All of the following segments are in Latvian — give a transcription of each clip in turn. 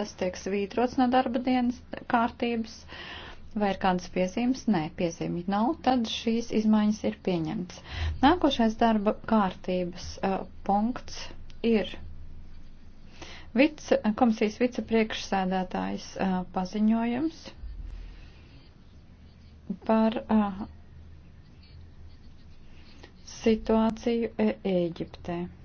tas tiek svītrots no darba dienas kārtības, vai ir kādas piezīmes? Nē, piezīmi nav, tad šīs izmaiņas ir pieņemts. Nākošais darba kārtības uh, punkts ir vice, komisijas vicepriekšsēdētājs uh, paziņojums par uh, situāciju uh, Ēģiptē. E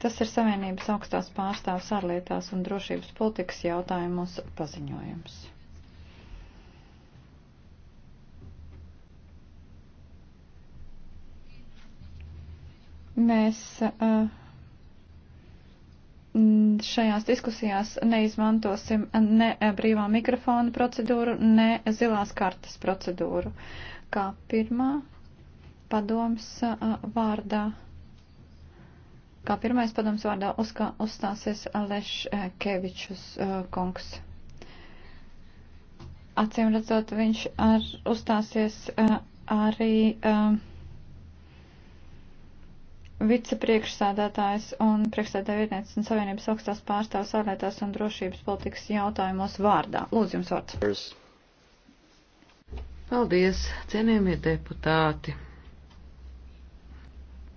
Tas ir Savienības augstās pārstāvs ārlietās un drošības politikas jautājumos paziņojums. Mēs uh, šajās diskusijās neizmantosim ne brīvā mikrofona procedūru, ne zilās kartas procedūru. Kā pirmā padoms uh, vārdā Kā pirmais padoms vārdā uzkā, uzstāsies Aleš eh, Kevičus eh, kungs. Acīm redzot, viņš ar, uzstāsies eh, arī vicepriekšsēdētājs un priekšsēdētāja vietnieces un Savienības augstās pārstāvs ārlietās un drošības politikas jautājumos vārdā. Lūdzu, jums vārds. Paldies, cienījamie deputāti.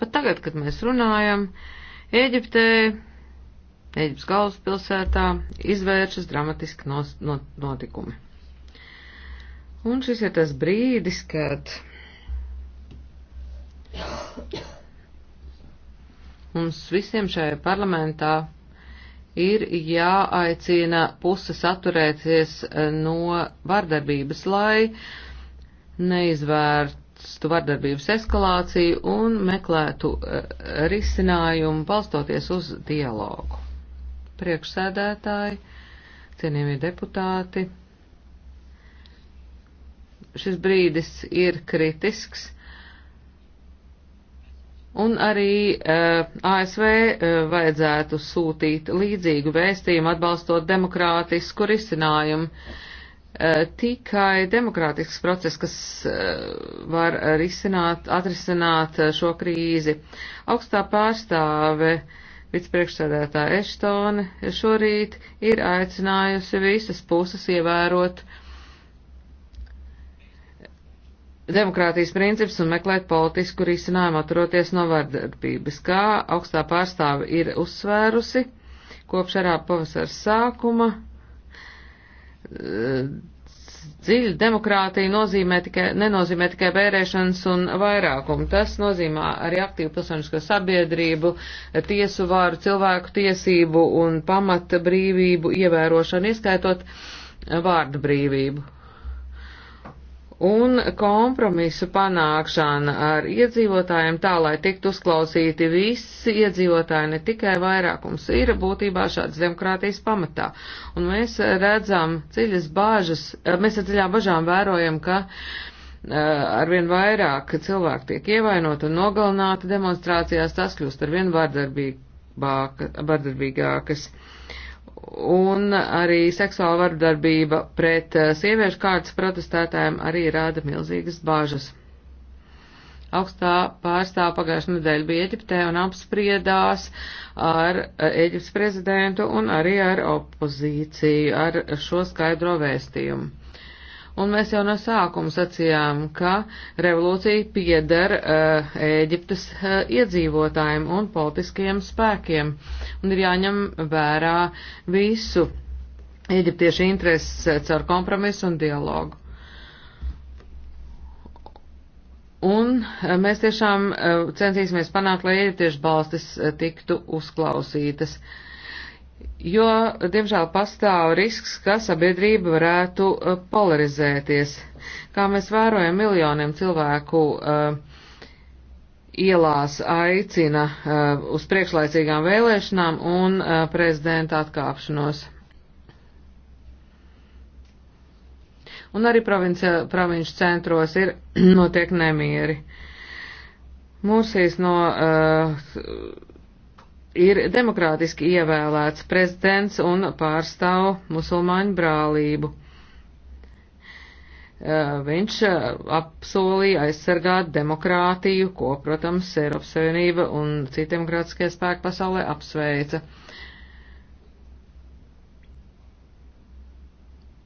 Pat tagad, kad mēs runājam, uh, Ēģiptē, Ēģiptes galvaspilsētā izvēršas dramatiski nos, not, notikumi. Un šis ir tas brīdis, kad mums visiem šajā parlamentā ir jāaicina puses atturēties no vardarbības, lai neizvērt novērstu vardarbības eskalāciju un meklētu eh, risinājumu balstoties uz dialogu. Priekšsēdētāji, cienījamie deputāti, šis brīdis ir kritisks. Un arī uh, eh, ASV uh, eh, vajadzētu sūtīt līdzīgu vēstījumu atbalstot demokrātisku risinājumu. Uh, Eh, tikai demokrātisks process, kas eh, var risināt, atrisināt eh, šo krīzi. Augstā pārstāve vicepriekšsēdētāja Eštone šorīt ir aicinājusi visas puses ievērot demokrātijas princips un meklēt politisku risinājumu atturoties no vardarbības, kā augstā pārstāve ir uzsvērusi kopš arā pavasara sākuma dziļa demokrātija nozīmē tikai, nenozīmē tikai vērēšanas un vairākumu. Tas nozīmē arī aktīvu pilsonisko sabiedrību, tiesu vāru, cilvēku tiesību un pamata brīvību ievērošanu, ieskaitot vārdu brīvību un kompromisu panākšana ar iedzīvotājiem tā, lai tiktu uzklausīti visi iedzīvotāji, ne tikai vairākums, ir būtībā šāds demokrātijas pamatā. Un mēs redzam dziļas bāžas, eh, mēs ar dziļām bažām vērojam, ka eh, arvien vairāk cilvēku tiek ievainot un nogalināti demonstrācijās, tas kļūst arvien vardarbīgākas un arī seksuāla vardarbība pret eh, sieviešu kārtas protestētājiem arī rāda milzīgas bāžas. Augstā pārstāv pagājušā nedēļa bija Eģiptē un apspriedās ar eh, Eģiptes prezidentu un arī ar opozīciju ar šo skaidro vēstījumu un mēs jau no sākuma sacījām, ka revolūcija pieder uh, Ēģiptes uh, iedzīvotājiem un politiskajiem spēkiem, un ir jāņem vērā visu Ēģiptiešu intereses eh, caur kompromisu un dialogu. Un mēs tiešām uh, censīsimies panākt, lai Ēģiptiešu balstis uh, tiktu uzklausītas. Uh, jo, diemžēl, pastāv risks, ka sabiedrība varētu uh, polarizēties. Kā mēs vērojam, miljoniem cilvēku uh, ielās aicina uh, uz priekšlaicīgām vēlēšanām un uh, prezidenta atkāpšanos. Un arī provinču centros ir notiek nemieri. Mūsīs no uh, ir demokrātiski ievēlēts prezidents un pārstāv musulmaņu brālību. Eh, viņš eh, apsolīja aizsargāt demokrātiju, ko, protams, Eiropas Savienība un citi demokrātiskie spēki pasaulē apsveica.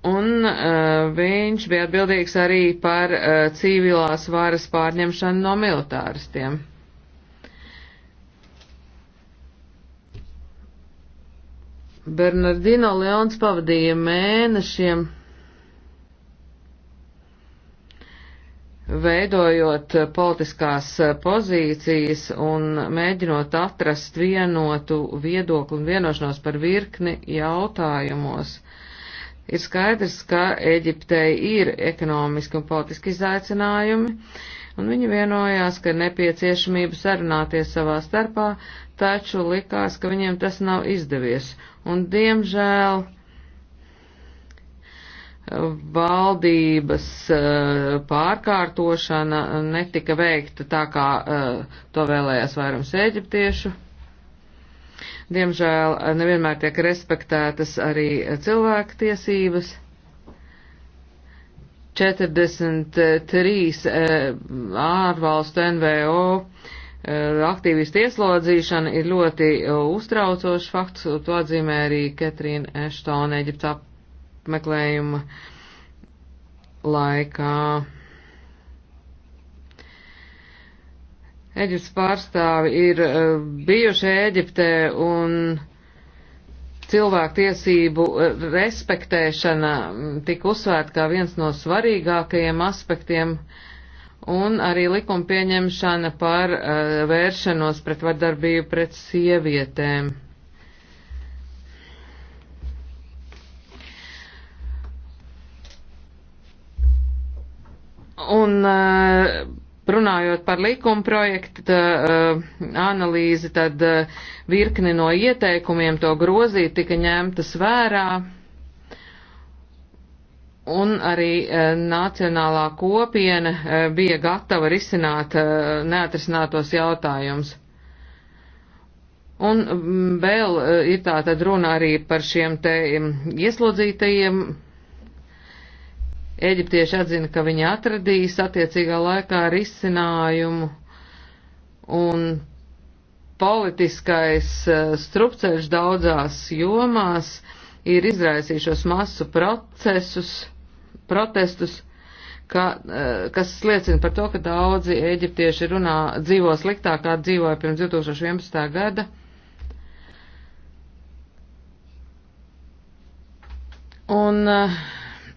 Un uh, viņš bija atbildīgs arī par uh, civilās varas pārņemšanu no militāristiem. Bernardino Leons pavadīja mēnešiem veidojot politiskās pozīcijas un mēģinot atrast vienotu viedokli un vienošanos par virkni jautājumos. Ir skaidrs, ka Eģiptei ir ekonomiski un politiski izaicinājumi, un viņi vienojās, ka nepieciešamība sarunāties savā starpā taču likās, ka viņiem tas nav izdevies. Un, diemžēl, valdības eh, pārkārtošana netika veikta tā, kā eh, to vēlējās vairums eģiptiešu. Diemžēl eh, nevienmēr tiek respektētas arī cilvēku tiesības. 43 ārvalstu NVO Eh, aktīvistu ieslodzīšana ir ļoti eh, uztraucošs fakts, to atzīmē arī Ketrīna Eštona Eģipta apmeklējuma laikā. Eģiptes pārstāvi ir eh, bijuši Eģiptē un cilvēktiesību respektēšana tika uzsvērta kā viens no svarīgākajiem aspektiem uh, un arī likuma pieņemšana par uh, vēršanos pret vardarbību pret sievietēm. Un uh, runājot par likuma projekta uh, analīzi, tad uh, eh, virkni no ieteikumiem to grozīt tika ņemtas vērā. Un arī e, nacionālā kopiena e, bija gatava risināt e, neatrisinātos jautājumus. Un vēl e, ir tā tad runa arī par šiem te ieslodzītajiem. Eģiptieši atzina, ka viņi atradīs attiecīgā laikā risinājumu. Un politiskais e, strupceļš daudzās jomās ir izraisījušos masu procesus protestus, ka, eh, kas liecina par to, ka daudzi eģiptieši runā, dzīvo sliktāk, kā dzīvoja pirms 2011. gada. Un uh,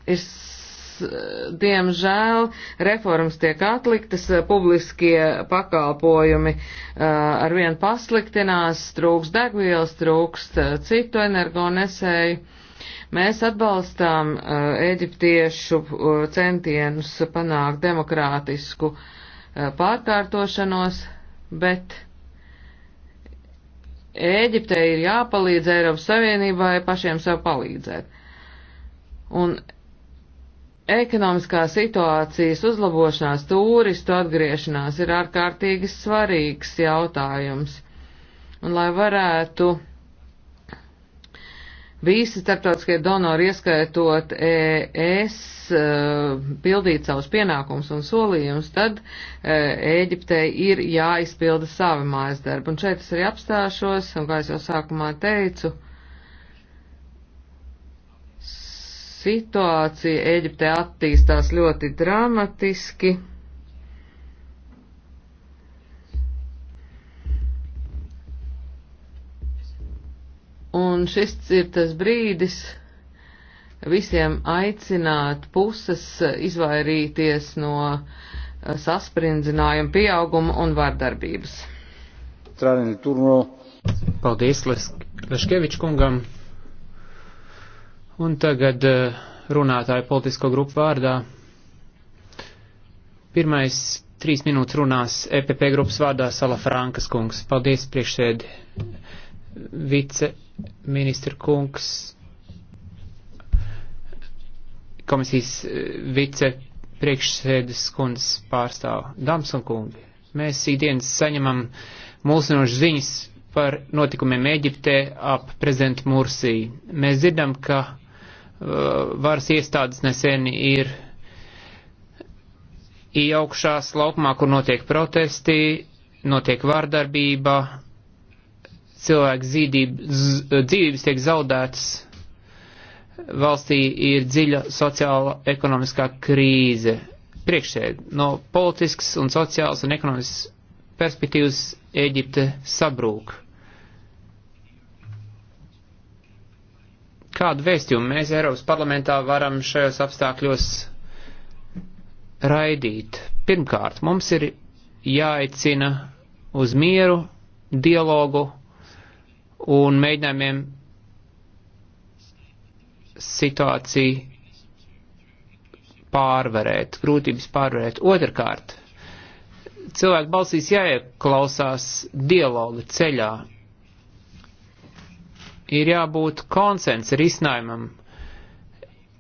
eh, ir eh, diemžēl reformas tiek atliktas, publiskie pakalpojumi arvien pasliktinās, trūks degvielas, trūks citu energonesēju. Mēs atbalstām eh, eģiptiešu eh, centienus panākt demokrātisku eh, pārkārtošanos, bet Ēģiptei ir jāpalīdz Eiropas Savienībai pašiem sev palīdzēt. Un ekonomiskā situācijas uzlabošanās, turistu atgriešanās ir ārkārtīgi svarīgs jautājums. Un lai varētu visi starptautiskie donori, ieskaitot ES, eh, pildīt savus pienākumus un solījumus, tad eh, Ēģiptei ir jāizpilda savi mājas darbi. Un šeit es arī apstāšos, un kā es jau sākumā teicu, situācija Ēģiptē attīstās ļoti dramatiski. un šis ir tas brīdis visiem aicināt puses izvairīties no eh, sasprindzinājuma pieauguma un vardarbības. Nu Paldies Leškevičs kungam. Un tagad eh, runātāju politisko grupu vārdā. Pirmais trīs minūtes runās EPP grupas vārdā Sala Frankas kungs. Paldies priekšsēdi vice ministra kungs, komisijas eh, vice priekšsēdes kundas pārstāv, dāmas un kungi. Mēs ikdienas saņemam mulsinošas ziņas par notikumiem Eģiptē ap prezidentu Mursī. Mēs dzirdam, ka uh, varas iestādes nesen ir iejaukšās laukumā, kur notiek protesti, notiek vārdarbība, cilvēku zīdība, dzīvības tiek zaudētas, valstī ir dziļa sociāla ekonomiskā krīze. Priekšsēd no politisks un sociāls un ekonomisks perspektīvas Ēģipte sabrūk. Kādu vēstījumu mēs Eiropas parlamentā varam šajos apstākļos raidīt? Pirmkārt, mums ir jāicina uz mieru, dialogu un mēģinājumiem situāciju pārvarēt, grūtības pārvarēt. Otrkārt, cilvēku balsīs jāieklausās dialoga ceļā. Ir jābūt konsensa risinājumam,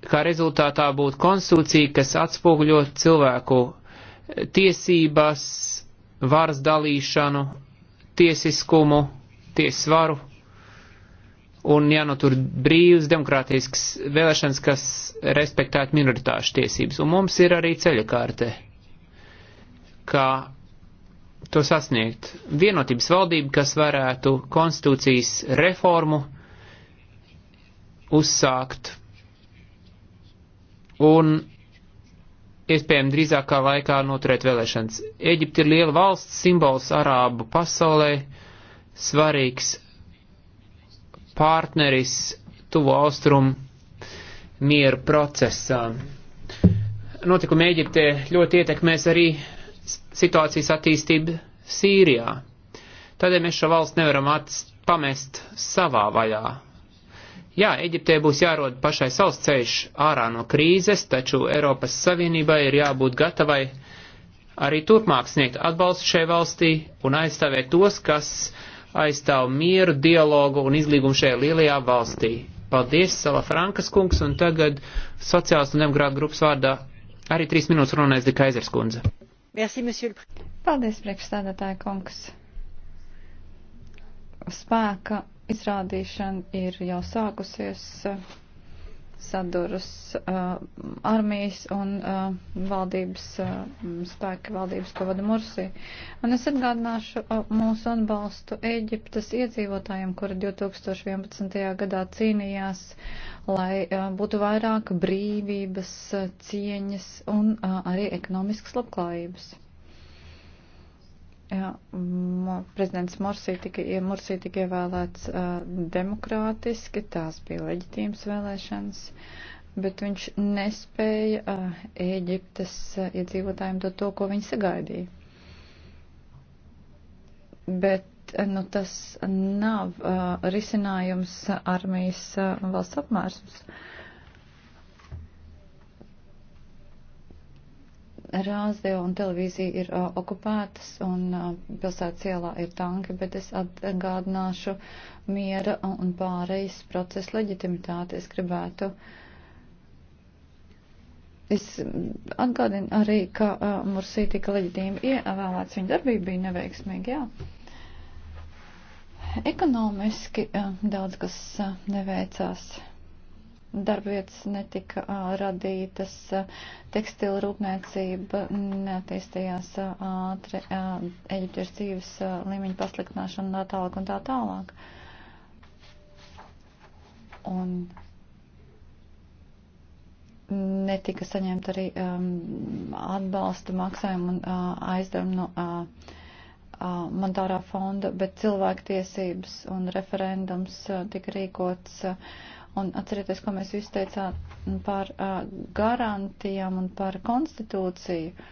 kā rezultātā būtu konstitūcija, kas atspoguļo cilvēku tiesības, varas dalīšanu, tiesiskumu, tiesvaru un jānotur brīvas demokrātiskas vēlēšanas, kas respektētu minoritāšu tiesības. Un mums ir arī ceļakārte, kā to sasniegt. Vienotības valdība, kas varētu konstitūcijas reformu uzsākt un iespējami drīzākā laikā noturēt vēlēšanas. Eģipte ir liela valsts, simbols arābu pasaulē, svarīgs partneris tuvo austrumu mieru procesā. Notikumi Eģiptē ļoti ietekmēs arī situācijas attīstību Sīrijā. Tādēļ mēs šo valstu nevaram pamest savā vaļā. Jā, Eģiptē būs jārod pašai savs ceļš ārā no krīzes, taču Eiropas Savienībai ir jābūt gatavai arī turpmāk sniegt atbalstu šai valstī un aizstāvēt tos, kas uh, aizstāv mieru, dialogu un izlīgumu šajā lielajā valstī. Paldies, Sala Frankas kungs, un tagad sociālistu un demokrātu grupas vārdā arī trīs minūtes runājas Dika Aizers kundze. Merci, monsieur. Paldies, priekšstādātāja kungs. Spēka izrādīšana ir jau sākusies saduras uh, armijas un uh, valdības uh, spēki, valdības, ko vada Mursi. Un es atgādināšu uh, mūsu atbalstu Eģiptes iedzīvotājiem, kuri 2011. gadā cīnījās, lai uh, būtu vairāk brīvības, uh, cieņas un uh, arī ekonomiskas labklājības. Jā, prezidents Morsī tika, Morsī tika ievēlēts uh, demokrātiski, tās bija leģitīmas vēlēšanas, bet viņš nespēja uh, Ēģiptes uh, iedzīvotājiem dot to, ko viņi sagaidīja. Bet nu, tas nav uh, risinājums armijas uh, valsts apmērsums. Uh, Rāzde un televīzija ir uh, okupētas un uh, pilsētas ielā ir tanki, bet es atgādināšu miera un pārejas procesa leģitimitāti. Es gribētu. Es atgādinu arī, ka uh, Mursī tika leģitīmi ievēlēts, viņa darbība bija neveiksmīga, jā. Ekonomiski uh, daudz kas uh, neveicās darbvietas netika radītas, tekstila rūpniecība neattīstījās ātri, Eģiptes dzīves līmeņa pasliktināšana tā tālāk un tā tālāk. Un netika saņemta arī um, atbalsta maksājuma un uh, aizdevuma no uh, uh, monetārā fonda, bet cilvēktiesības un referendums uh, tika rīkots. Uh, Un atcerieties, ko mēs visi teicām par uh, garantijām un par konstitūciju.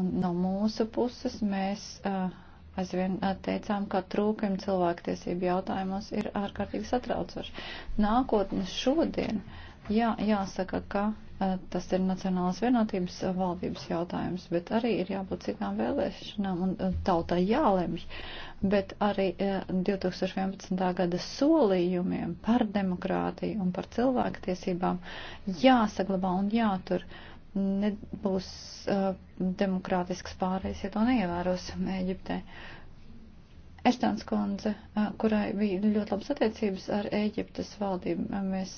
Un no mūsu puses mēs uh, aizvien uh, teicām, ka trūkumi cilvēktiesību jautājumos ir ārkārtīgi satraucoši. Nākotnes šodien, jā, jāsaka, ka Eh, tas ir Nacionālās vienotības eh, valdības jautājums, bet arī ir jābūt citām vēlēšanām un eh, tautai jālemj, bet arī 2011. gada solījumiem par demokrātiju un par cilvēktiesībām jāsaglabā un jātur. Nebūs uh, demokrātisks pārējais, ja to neievēros Eģiptē. Uh, Eštons kundze, kurai bija ļoti labas attiecības ar Ēģiptes valdību, mēs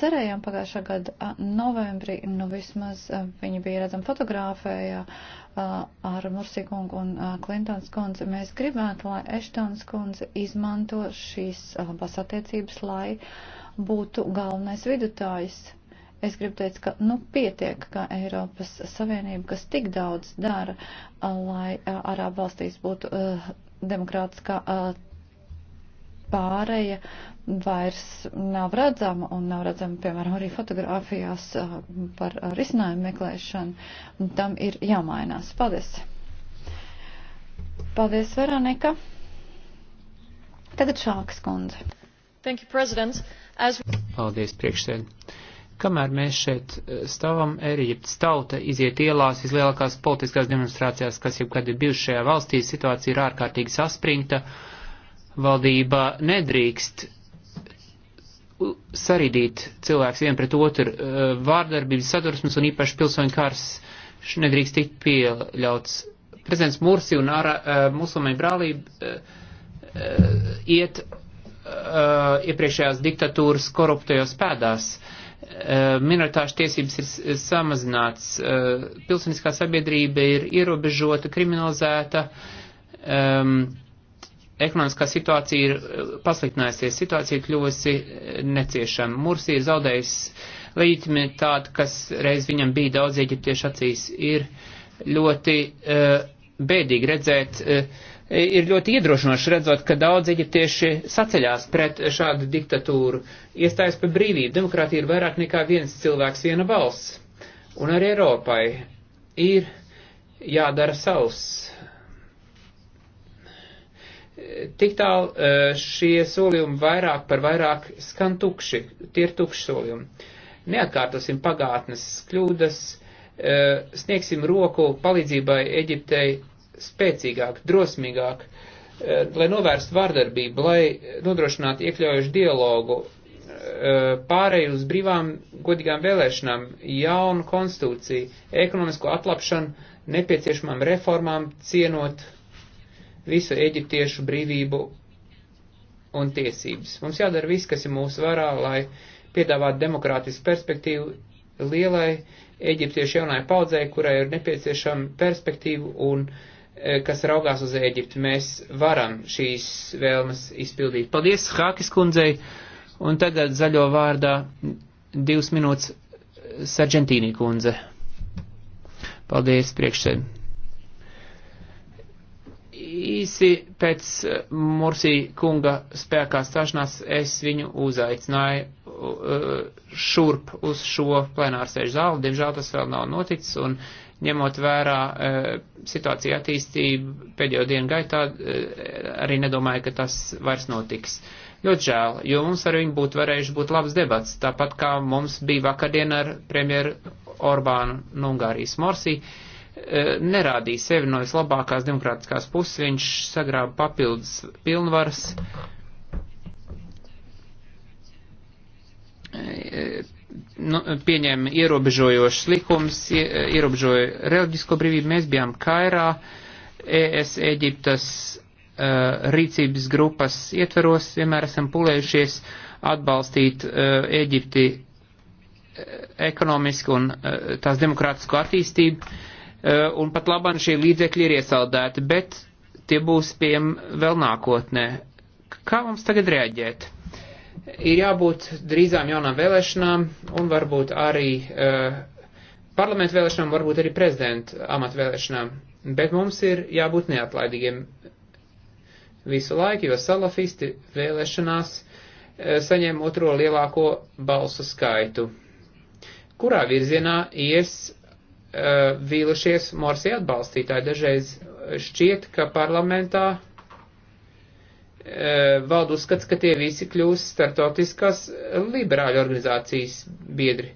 cerējām pagājušā gada novembrī, nu vismaz viņa bija redzama fotografējā ar Mursī kungu un Klintons kundze. Mēs gribētu, lai Eštons kundze izmanto šīs labas attiecības, lai būtu galvenais vidutājs. Es gribu teikt, ka nu, pietiek, ka Eiropas Savienība, kas tik daudz dara, lai Arābu valstīs būtu uh, demokrātiskā pāreja vairs nav redzama un nav redzama, piemēram, arī fotografijās par risinājumu meklēšanu. Tam ir jāmainās. Paldies! Paldies, Veronika! Tagad Šāks kundze. Thank you, President. As... Paldies, priekšsēdētāji. Kamēr mēs šeit eh, stāvam, Ērģiptes tauta iziet ielās vislielākās politiskās demonstrācijās, kas jebkad ir bijušas šajā valstī, situācija ir ārkārtīgi saspringta. Valdība nedrīkst sarīdīt cilvēks vien pret otru. Eh, vārdarbības sadursmes un īpaši pilsoņu kārs nedrīkst tikt pieļauts. Prezidents Mursi un ārā, eh, musulmaņu brālība iet iepriekšējās diktatūras koruptajos pēdās. Uh, Eh, minoritāšu tiesības ir eh, samazināts, eh, pilsoniskā sabiedrība ir ierobežota, kriminalizēta, ekonomiskā situācija ir pasliktinājusies, situācija kļuvusi neciešama. Mursi ir zaudējis leģitimitāti, kas reiz viņam bija daudz eģiptiešu acīs, ir ļoti bēdīgi redzēt, uh, ir ļoti iedrošinoši redzot, ka daudz eģiptieši saceļās pret šādu diktatūru, iestājas par brīvību. Demokrātija ir vairāk nekā viens cilvēks, viena valsts. Un arī Eiropai ir jādara savs. Tik tālu e, šie solījumi vairāk par vairāk skan tukši, tie ir tukši solījumi. Neatkārtosim pagātnes kļūdas, e, sniegsim roku palīdzībai Eģiptei spēcīgāk, drosmīgāk, eh, lai novērstu vārdarbību, lai nodrošinātu iekļaujušu dialogu, eh, pārēju uz brīvām, godīgām vēlēšanām, jaunu konstitūciju, ekonomisko atlapšanu, nepieciešamām reformām, cienot visu eģiptiešu brīvību un tiesības. Mums jādara viss, kas ir mūsu varā, lai piedāvātu demokrātisku perspektīvu lielai eģiptiešu jaunai paudzei, kurai ir nepieciešama perspektīva un uh, Eh, kas raugās uz Ēģipti. Mēs varam šīs vēlmes izpildīt. Paldies Hākis kundzei, un tagad zaļo vārdā divas minūtes eh, Sargentīnī kundze. Paldies priekšsēd. Īsi pēc eh, Mursī kunga spēkā stāšanās es viņu uzaicināju šurp uz šo plenārsēžu zāli. Diemžēl tas vēl nav noticis, un ņemot vērā e, situāciju attīstību pēdējo dienu gaitā, e, arī nedomāju, ka tas vairs notiks. Ļoti žēl, jo mums ar viņu būtu varējuši būt labs debats, tāpat kā mums bija vakardien ar premjeru Orbānu no Ungārijas Morsī. E, nerādīja sevi no vislabākās demokrātiskās puses, viņš sagrāba papildus pilnvaras pieņēma ierobežojošas likums, ierobežoja reliģisko brīvību. Mēs bijām Kairā, ES Eģiptas uh, rīcības grupas ietveros, vienmēr esam pulējušies atbalstīt uh, Eģipti uh, ekonomiski un tās demokrātisko attīstību, un pat labāk šie līdzekļi ir iesaldēti, bet tie būs pieejami vēl nākotnē. Kā mums tagad reaģēt? Ir jābūt drīzām jaunām vēlēšanām un varbūt arī uh, parlamentu vēlēšanām, varbūt arī prezidenta amatu vēlēšanām. Bet mums ir jābūt neatlaidīgiem visu laiku, jo salafisti vēlēšanās uh, saņem otro lielāko balsu skaitu. Kurā virzienā ies uh, vīlušies Morsi atbalstītāji? Dažreiz šķiet, ka parlamentā uh, Eh, valda uzskats, ka tie visi kļūs startautiskās liberāļu organizācijas biedri.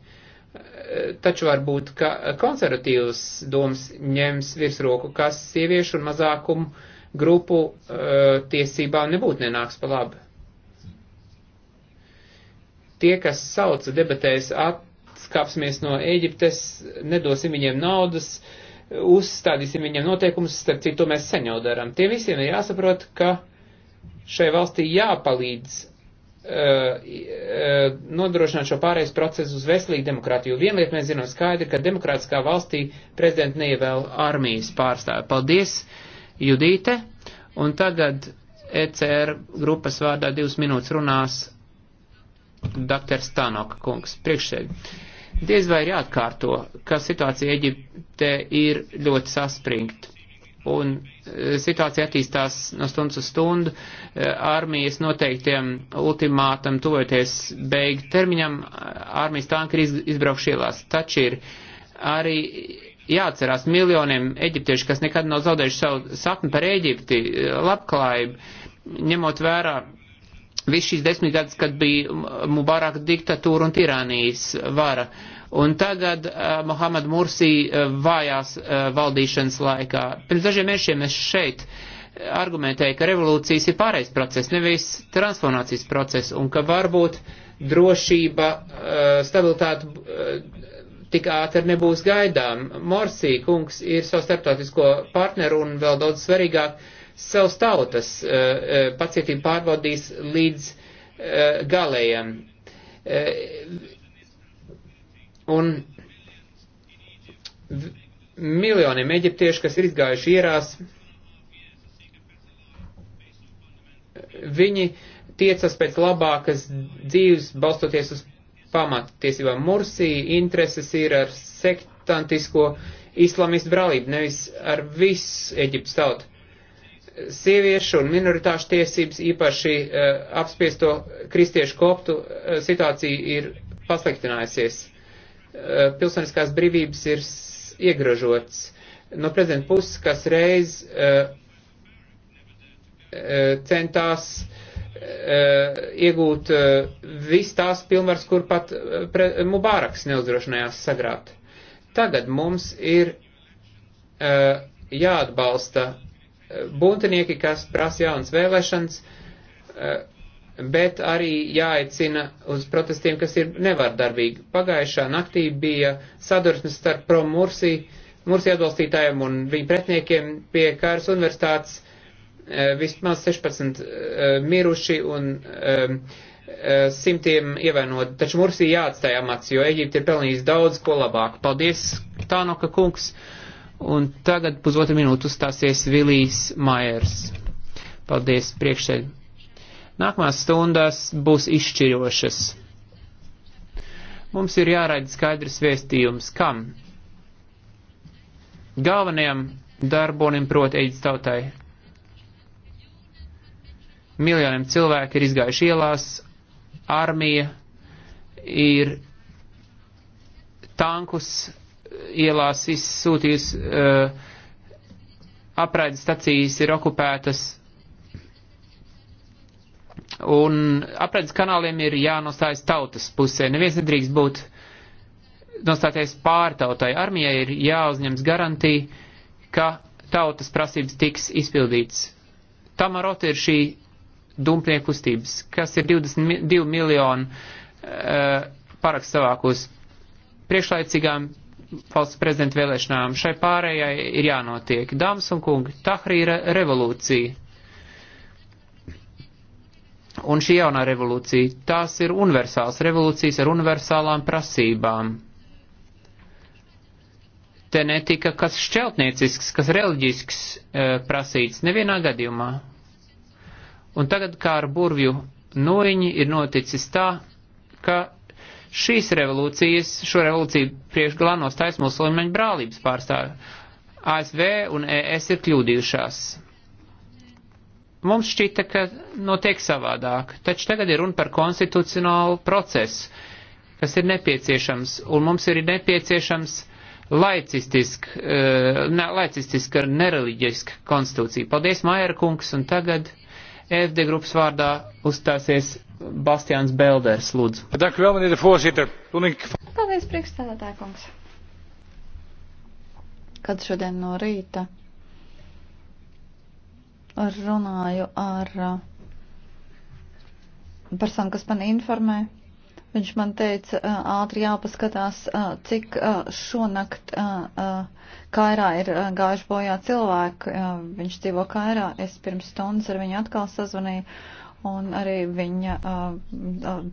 Eh, taču varbūt, ka konservatīvas domas ņems virsroku, kas sieviešu un mazākumu grupu eh, tiesībām nebūtu nenāks pa labi. Tie, kas sauca debatēs atskāpsimies no Ēģiptes, nedosim viņiem naudas, uzstādīsim viņiem noteikumus, starp citu mēs sen jau darām. Tie visiem ir jāsaprot, ka uh, šai valstī jāpalīdz eh, eh, nodrošināt šo pārējais procesu uz veselīgu demokrātiju. Jo viena lieta mēs zinām skaidri, ka demokrātiskā valstī prezidenta neievēl armijas pārstāvi. Paldies, Judīte! Un tagad ECR grupas vārdā divas minūtes runās dr. Stanoka kungs. Priekšsēd. Diez vai ir jāatkārto, ka situācija Eģipte ir ļoti saspringta un e, situācija attīstās no stundas uz stundu, e, armijas noteiktiem ultimātam tuvojoties beigu termiņam, armijas tanki ir izbraukši ielās. Taču ir arī jāatcerās miljoniem eģiptiešu, kas nekad nav zaudējuši savu sapni par Eģipti, e, labklājību, ņemot vērā visu šīs desmit gadus, kad bija Mubaraka diktatūra un tirānijas vara. Uh, Un tagad uh, Mohamed Mursī uh, vājās uh, valdīšanas laikā. Pirms dažiem mēnešiem es šeit uh, argumentēju, ka revolūcijas ir pārējais process, nevis transformācijas process, un ka varbūt drošība, uh, stabilitāte uh, tik ātri nebūs gaidām. Morsī kungs ir savu starptautisko partneru un vēl daudz svarīgāk savas tautas uh, uh pacietīgi pārbaudīs līdz uh, galējiem. Uh, Un miljoniem eģiptiešu, kas ir izgājuši ierās, viņi tiecas pēc labākas dzīves, balstoties uz pamattiesībām. Mursī intereses ir ar sektantisko islamistu brālību, nevis ar visu Eģiptes tautu. Sieviešu un minoritāšu tiesības, īpaši uh, apspiesto kristiešu koptu, uh, situācija ir pasliktinājusies. Eh, pilsoniskās brīvības ir iegražots. No prezidenta puses, kas reiz uh, centās uh, iegūt uh, vis tās pilnvaras, kur pat pre, Mubāraks neuzdrošinājās sagrāt. Tagad mums ir jāatbalsta buntinieki, kas prasa jaunas vēlēšanas, bet arī jāaicina uz protestiem, kas ir nevardarbīgi. Pagājušā naktī bija sadursmes starp pro-Mursi, Mursi atbalstītājiem un viņu pretniekiem pie Kāras universitātes eh, vismaz 16 eh, miruši un eh, simtiem ievainot. Taču Mursi jāatstāja amats, jo Eģipte ir pelnījis daudz ko labāku. Paldies, Tānoka kungs! Un tagad pusotru minūtu stāsies Vilijas Maiers. Paldies, priekšsēdētāji! Nākamās stundās būs izšķirošas. Mums ir jāraida skaidrs vēstījums, kam? Galvenajam darbonim proti Eģis tautai. Miljoniem cilvēki ir izgājuši ielās, armija ir tankus ielās izsūtījusi, uh, apraides stacijas ir okupētas, un apredzes kanāliem ir jānostājas tautas pusē. Neviens nedrīkst būt nostāties pārtautai. Armijai ir jāuzņems garantija, ka tautas prasības tiks izpildītas. Tamarota ir šī dumpnieku kustības, kas ir 22 miljonu uh, parakstu savākus priekšlaicīgām valsts prezidenta vēlēšanām. Šai pārējai ir jānotiek. Dāmas un kungi, Tahrīra revolūcija un šī jaunā revolūcija, tās ir universāls revolūcijas ar universālām prasībām. Te netika kas šķeltniecisks, kas reliģisks e, prasīts nevienā gadījumā. Un tagad kā ar burvju noiņi ir noticis tā, ka šīs revolūcijas, šo revolūciju priekšgalā nostājas musulmaņu brālības pārstāvi. ASV un ES ir kļūdījušās Mums šķita, ka notiek savādāk, taču tagad ir runa par konstitucionālu procesu, kas ir nepieciešams, un mums ir nepieciešams laicistiska, eh, ne, laicistiska nereliģiska konstitūcija. Paldies, Maier kungs, un tagad EFD grupas vārdā uzstāsies Bastians Belders, lūdzu. Paldies, priekšstādātā kungs. Kad šodien no rīta runāju ar uh, personu, kas man informē. Viņš man teica, uh, ātri jāpaskatās, uh, cik šonakt Kairā ir gājuši bojā cilvēki. Viņš dzīvo Kairā. Es pirms stundas ar viņu atkal sazvanīju. Un arī viņa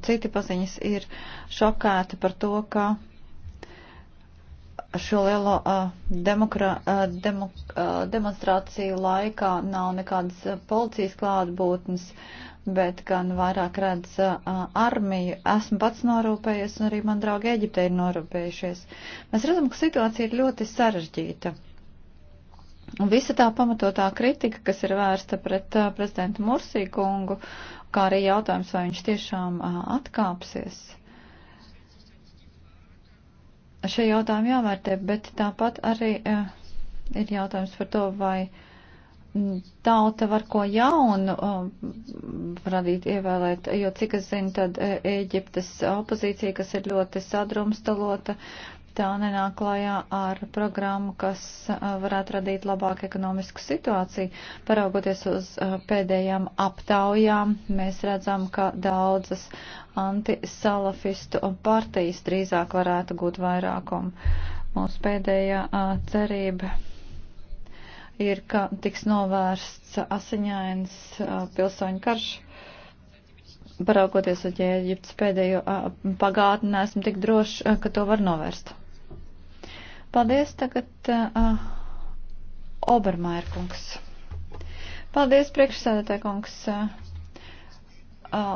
citi paziņas ir šokēti par to, ka šo lielo uh, demokra, uh, demo, uh, demonstrāciju laikā nav nekādas uh, policijas klātbūtnes, bet gan vairāk redz uh, armiju. Esmu pats norūpējies un arī man draugi Eģipte ir norūpējušies. Mēs redzam, ka situācija ir ļoti sarežģīta. Un visa tā pamatotā kritika, kas ir vērsta pret uh, prezidentu Mursī kungu, kā arī jautājums, vai viņš tiešām uh, atkāpsies šie jautājumi jāvērtē, bet tāpat arī uh, ir jautājums par to, vai tauta var ko jaunu uh, radīt, ievēlēt, jo cik es zinu, tad eh, Ēģiptes opozīcija, kas ir ļoti sadrumstalota, tā nenāk klajā ar programmu, kas uh, varētu radīt labāku ekonomisku situāciju. Paraugoties uz uh, pēdējām aptaujām, mēs redzam, ka daudzas antisalafistu partijas drīzāk varētu gūt vairākumu. Mūsu pēdējā uh, cerība ir, ka tiks novērsts asiņains pilsoņu karš paraugoties uz Ēģiptes pēdējo pagātni, neesmu tik drošs, ka to var novērst. Paldies tagad uh, Obermaier kungs. Paldies priekšsēdētāj kungs. Uh,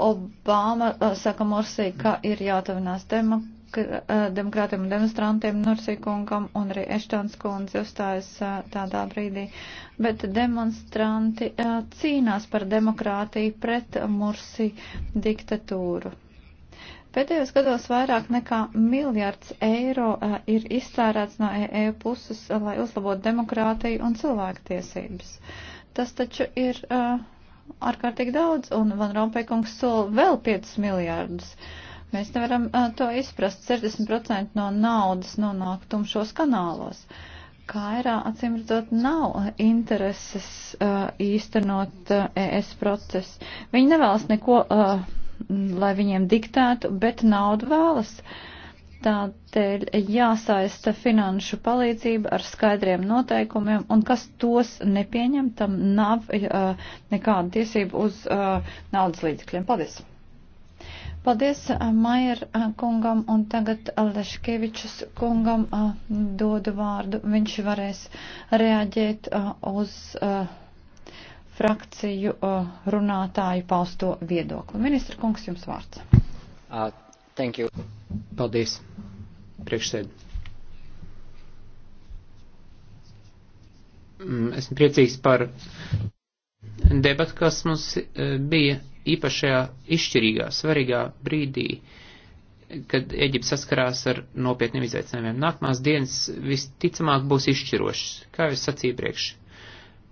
Obama uh, saka Morsī, ka ir jātavinās demokrātija uh, demokrātiem un demonstrantiem Norsīkungam un arī Eštons kundze uzstājas uh, tādā brīdī. Bet demonstranti uh, cīnās par demokrātiju pret Mursi diktatūru. Pēdējos gados vairāk nekā miljards eiro uh, ir iztērēts no EE e puses, uh, lai uzlabotu demokrātiju un cilvēktiesības. Tas taču ir uh, ārkārtīgi daudz, un Van Rompēkungs sola vēl 5 miljārdus. Mēs nevaram uh, to izprast. 60% no naudas nonāk tumšos kanālos. Kairā, acīm redzot, nav intereses uh, īstenot uh, ES e procesu. Viņi nevēlas neko. Uh, lai viņiem diktētu, bet naudu vēlas. Tādēļ jāsaista finanšu palīdzība ar skaidriem noteikumiem, un kas tos nepieņem, tam nav uh, eh, nekāda tiesība uz uh, naudas līdzekļiem. Paldies! Paldies eh, Maier kungam un tagad Leškevičus kungam uh, dodu vārdu. Viņš varēs reaģēt uh, uz. Uh, frakciju runātāju pausto viedokli. Ministra kungs, jums vārds. Uh, thank you. Paldies. Priekšsēd. Mm, esmu priecīgs par debatu, kas mums e, bija īpašajā izšķirīgā, svarīgā brīdī, kad Eģipte saskarās ar nopietniem izaicinājumiem. Nākamās dienas visticamāk būs izšķirošas, kā jau es sacīju priekš.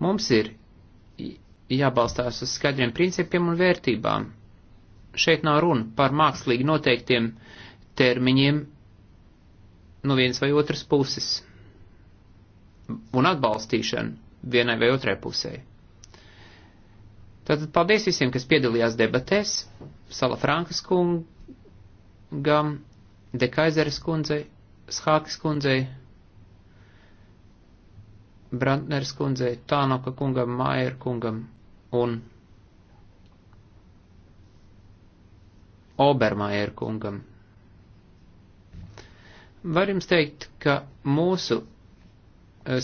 Mums ir jābalstās uz skaidriem principiem un vērtībām. Šeit nav runa par mākslīgi noteiktiem termiņiem no vienas vai otras puses un atbalstīšanu vienai vai otrai pusē. Tātad paldies visiem, kas piedalījās debatēs, Sala Frankas kungam, De Kaizeres kundzei, Schākas kundzei. Brantners kundzei, Tānoka kungam, Mājer kungam un Obermājer kungam. Var jums teikt, ka mūsu e,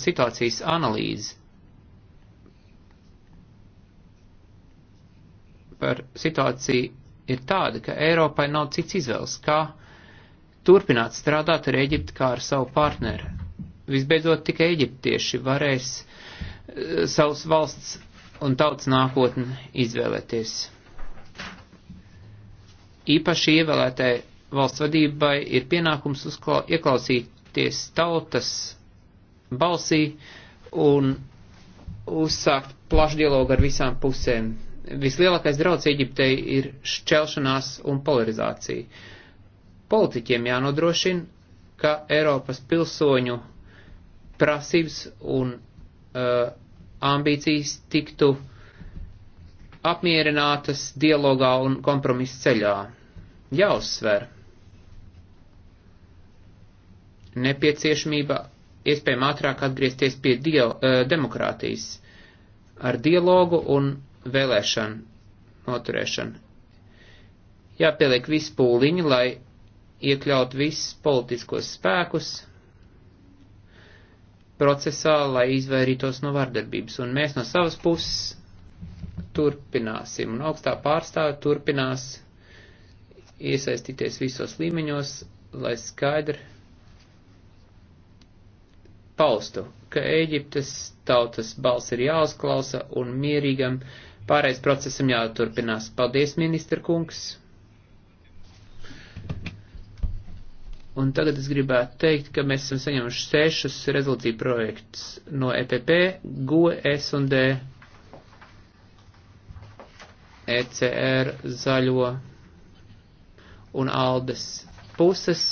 situācijas analīze par situāciju ir tāda, ka Eiropai nav cits izvēles, kā turpināt strādāt ar Eģiptu kā ar savu partneri. Visbeidzot, tikai eģiptieši varēs eh, savus valsts un tautas nākotni izvēlēties. Īpaši ievēlētai valsts vadībai ir pienākums uzkla, ieklausīties tautas balsī un uzsākt plašu dialogu ar visām pusēm. Vislielākais draudz Eģiptei ir šķelšanās un polarizācija. Politiķiem jānodrošina, ka Eiropas pilsoņu prasības un uh, ambīcijas tiktu apmierinātas dialogā un kompromisa ceļā. Jāuzsver nepieciešamība iespējami ātrāk atgriezties pie dio, uh, demokrātijas ar dialogu un vēlēšanu noturēšanu. Jāpieliek visi pūliņi, lai iekļaut visus politiskos spēkus procesā, lai izvairītos no vardarbības. Un mēs no savas puses turpināsim, un augstā pārstāve turpinās iesaistīties visos līmeņos, lai skaidri paustu, ka Ēģiptes tautas balss ir jāuzklausa un mierīgam pārējais procesam jāturpinās. Paldies, ministra kungs! Un tagad es gribētu teikt, ka mēs esam saņēmuši sešus rezolūciju projektus no EPP, GUE, S un D, ECR, Zaļo un Aldes puses.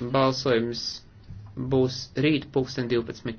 Balsojums būs rīt pulksten 12.